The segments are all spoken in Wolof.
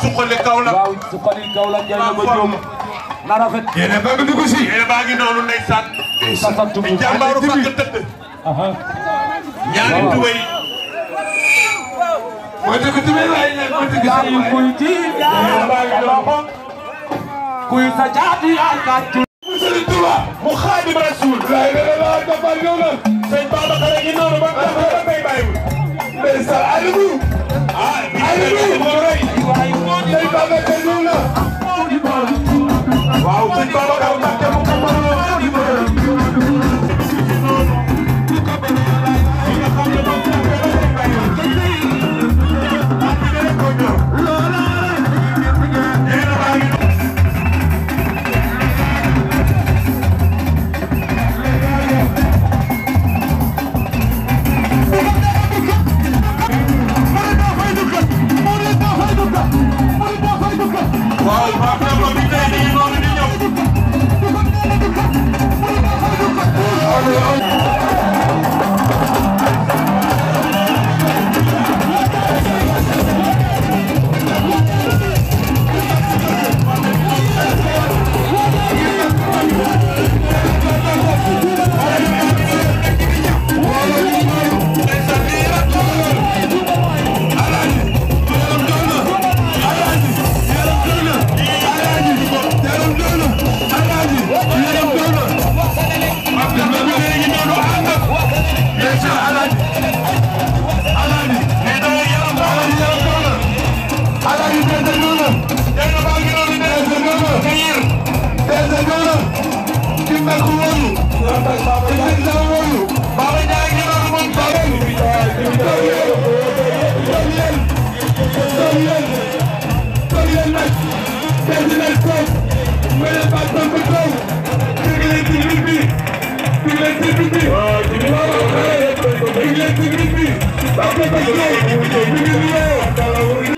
suqali Kaolack waaw suqali Kaolack Ndiaye ma jóg na rafet. yéen a baa ngi dugg si. yéen a baa ngi noonu ndeysaan. sant bu jàmbaaru fàq tëdd. ñaari tubay. mooy dëgg tubay waaye ñaar mooy dëgg sa yi kuy ci kuy sa jaati alkaat. mu xaadi rasul.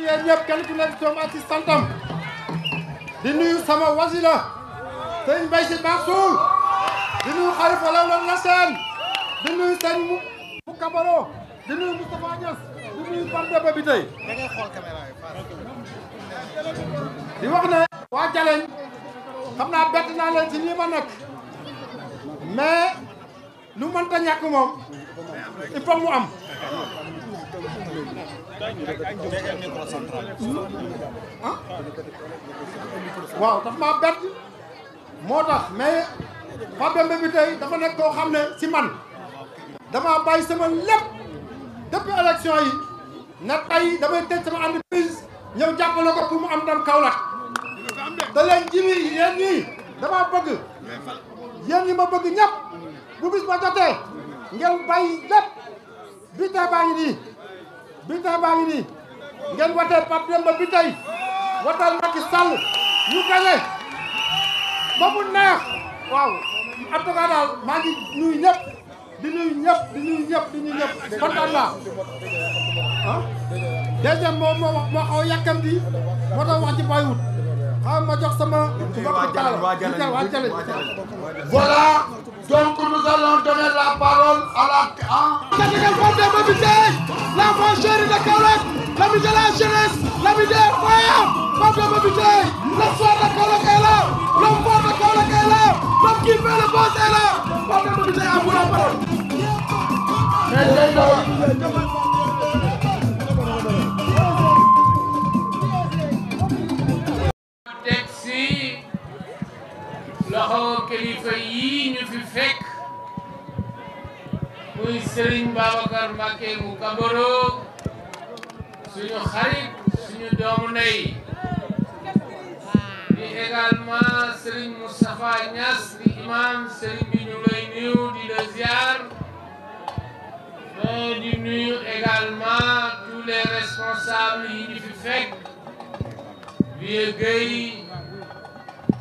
yéen ñëpp kenn ku di wax ne waa Jaleñ xam naa bett naa leen ci lii nekk mais lu mënta ñàkk moom il faut mu am ah waaw daf maa bett moo tax mais Pape Demba bi tey dafa nekk koo xam ne si man damaa bàyyi sama lépp depuis élection yi na tey damay tëj sama entreprise ñëw jàppale ko pour mu am ndam Kaolack da leen jibi yéen ñii damaa bëgg yéen ñi ma bëgg ñëpp bu bis ba jotee ngeen bàyyi lépp bi tey nii bulletin baa ngi ngeen wateel Pape Demba bi tey wateel Macky Sall ñu ba mu waaw en daal maa ngi nuyu ñëpp di nuyu ñëpp di nuyu ñëpp di nuyu ñëpp kontaan naa ah deuxième moo wax moo xaw a yàkkamti moo tax wax ci bàyyiwut xam ma jox sama mbokk taal waa Jalle voilà donc a allons donner la parole à la ah? boulangerie de Kaolack l'ami de la jeunesse l'ami des moyens Pape Demba Bitèye le soir de Kaolack est là l'homme fort de Kaolack est là l'homme qui fait le boss est là Pape Demba Bitèye à vous la parole Serigne Babacar Mbacké mu Kabaro suñu xarit suñu doomu ndey di également Serigne Moustapha Niass di imam Serigne bi ñu lay nuyu di la ziar mais euh, di nuyu également tous les responsables yi ñu fi fekk Vieux Guèye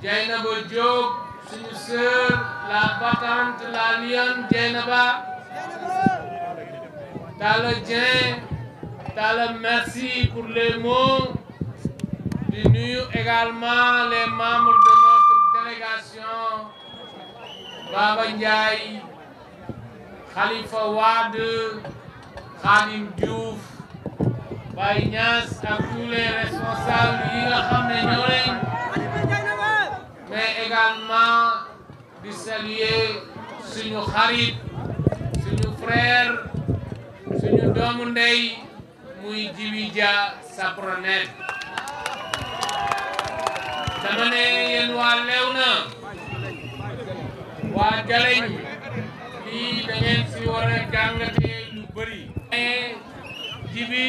Dieynaba Diop suñu sœur la battante la lionne Dieynaba Tala t'as merci pour les mots Bienvenue également les membres de notre délégation Baba Ndiaye Khalifa Wade Khalim Diouf Baïnas, à tous les responsables de mais également de saluer suñu Khalid, frère. suñu doomu ndey muy Djibi Dia Sapronet dama ne yéen waa Léona waa Galeñ lii da si war a jàngate lu bëri mais Djibi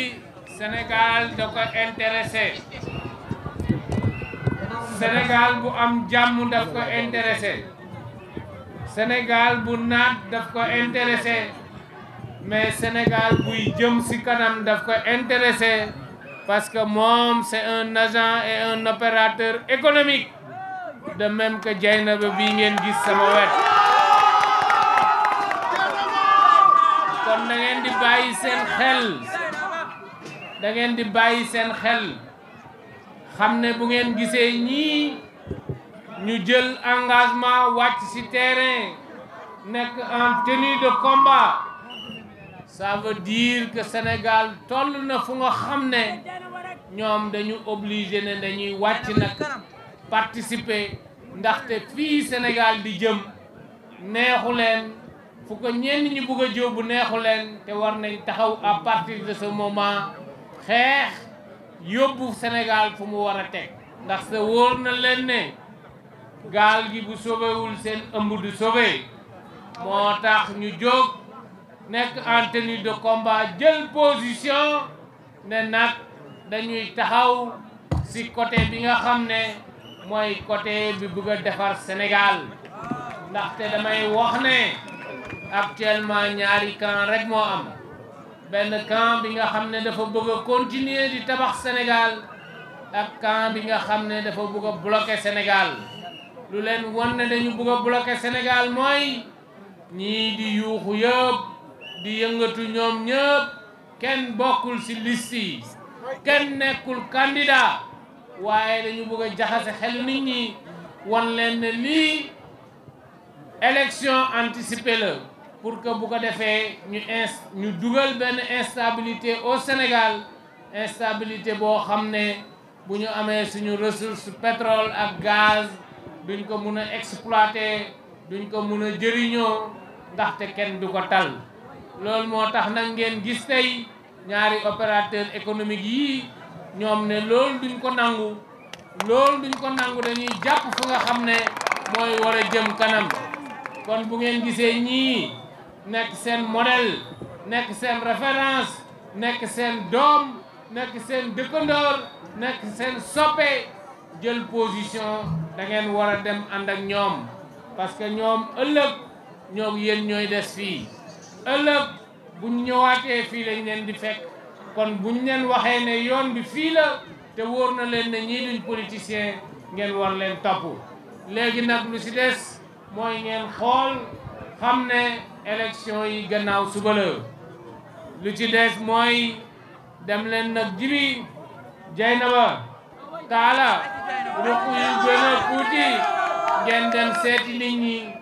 Sénégal da ko intéressé Sénégal bu am jàmm daf ko intéressé Sénégal bu naat daf ko intéressé mais Sénégal buy jëm si kanam daf ko intéressé parce que moom c'est un agent et un opérateur économique de même que Dieynaba bi ngeen gis sama kon da ngeen di bàyyi seen xel xam ne bu ngeen gisee ñii ñu jël engagement wat ci terrain nekk en tenue de combat ça veut dire Sénégal toll na fu nga xam ne ñoom dañu obligé ne dañuy wàcc nag participer ndaxte fii Sénégal di jëm neexu leen fu ko ñenn ñu bëgg a jóobu neexu leen te war nañ taxaw à partir de ce moment xeex yóbbu Sénégal fu mu war a teg ndax sa wóor na leen ne gaal gi bu sobewul seen ëmb du sobe moo tax ñu jóg nekk en tenue de combat jël position ne nag dañuy taxaw si côté bi nga xam ne mooy côté bi bëgg a defar Sénégal ndaxte damay wax ne actuellement ñaari camp rek moo am benn camp bi nga xam ne dafa bëgg a continuer di tabax Sénégal ak camp bi nga xam ne dafa bëgg a bloquer Sénégal lu leen won ne dañu bëgg a bloquer mooy ñii di yuuxu yëpp di yëngatu ñoom ñëpp kenn bokkul si liste kandida, kenn nekkul candidat waaye dañu bëgg a jaxase xelu nit ñi wan leen ne lii élection anticipée la pour que bu ko defee ñu ñu dugal benn instabilité au Sénégal instabilité boo ne bu ñu amee suñu ressource pétrole ak gaz duñ ko mun exploiter duñ ko mun ndaxte kenn du tal Lol moo tax nag ngeen gis tey ñaari opérateur économique ne lol duñ ko nangu lol duñ ko nangu dañuy jàpp fu nga xam ne mooy jëm kanam kon bu ngeen gisee ñii nekk seen modèle nekk seen référence nekk seen doom nekk seen dëkkandoor nekk seen soppe jël position da ngeen dem ànd ak ñoom parce que ñoom ëllëg ñoom yéen ëllëg buñ ñëwaatee fii lañ leen di fekk kon buñ leen waxee ne yoon bi fii la te wóor na leen ne ñii duñ ngeen war leen topp léegi nag lu si des mooy ngeen xool xam ne élection yi gannaaw suba la lu ci des mooy dem leen nag jibi Jaynaba Taala ruq yu gën a tuuti ngeen dem seeti nit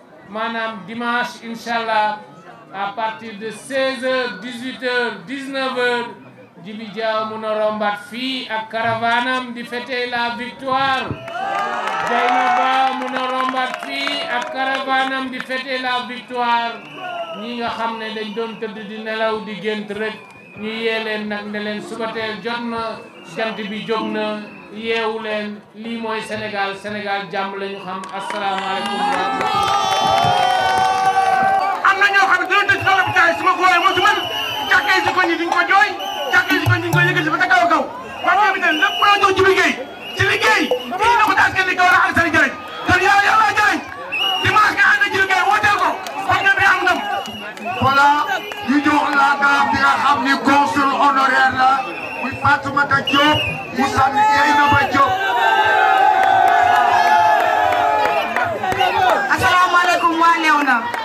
maanaam dimanche incha à partir de 16h 18h 19h Djibi Diaw ak caravanam di fêter la victoire Dieynaba mun a rombaat fii ak caravanam di fêter victoire ñi nga xam ne dañ doon tëdd di nelaw di gént rek ñu yee leen nag ne subateel jot na jant bi jóg na yeewu leen lii mooy Sénégal senegal jàmm la ñu xam asalaamaaleykum wa Sénégal su ma ko wooyee moo di nga ko jooy jàkkee si ko ñi di nga ko yëkkati ba ca kaw a kaw waaw moom itam na a ànd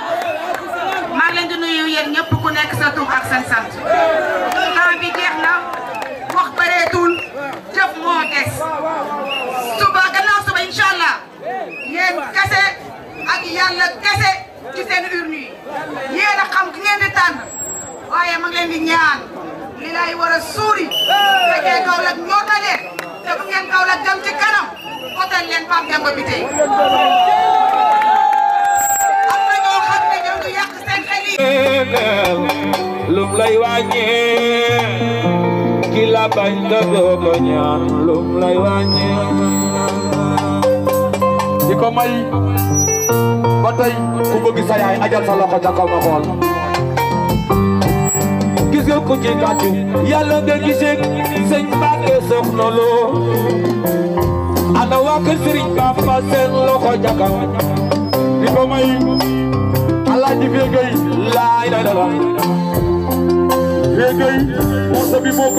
maa ngi leen di ak seen sant temps jeex na wax bëreetul jëf moo des suba gannaaw suba incha allah kese ak yàlla kese ci seen urne yi a xam ki ngeen di tànn waaye ma ngi di ñaan li lay suuri fekkee Kaolack ñor na leen te bu ngeen Kaolack dem ci kanam otel leen Pape Demba bi lum lay wàññi khi la bañ nga doo ko ñaan lum lay wàññi di ko may ba tey ku bëgg sa yaay ajal sa loxo ca kaw ma xool gis nga ku ci kàccu yàlla nga gisee sëñ Mbàkke soxna loo ana waa kër Sëriñ Bamba seen loxo ca kaw di ko may alaaji Vieux Gueye laay la la Vieux Gueye Moussa dem bëgg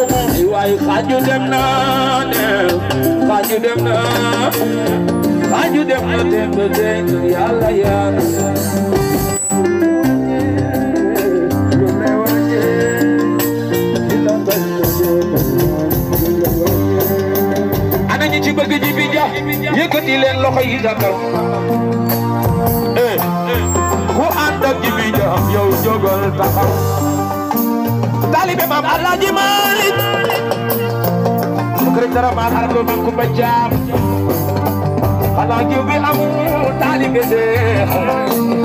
ji bi ja leen yi am yow jógal taxaw taalibe maam Alaaji Maalik mu kër dara maam ardo maam ku bajaam xanaa jiw bi am taalibe de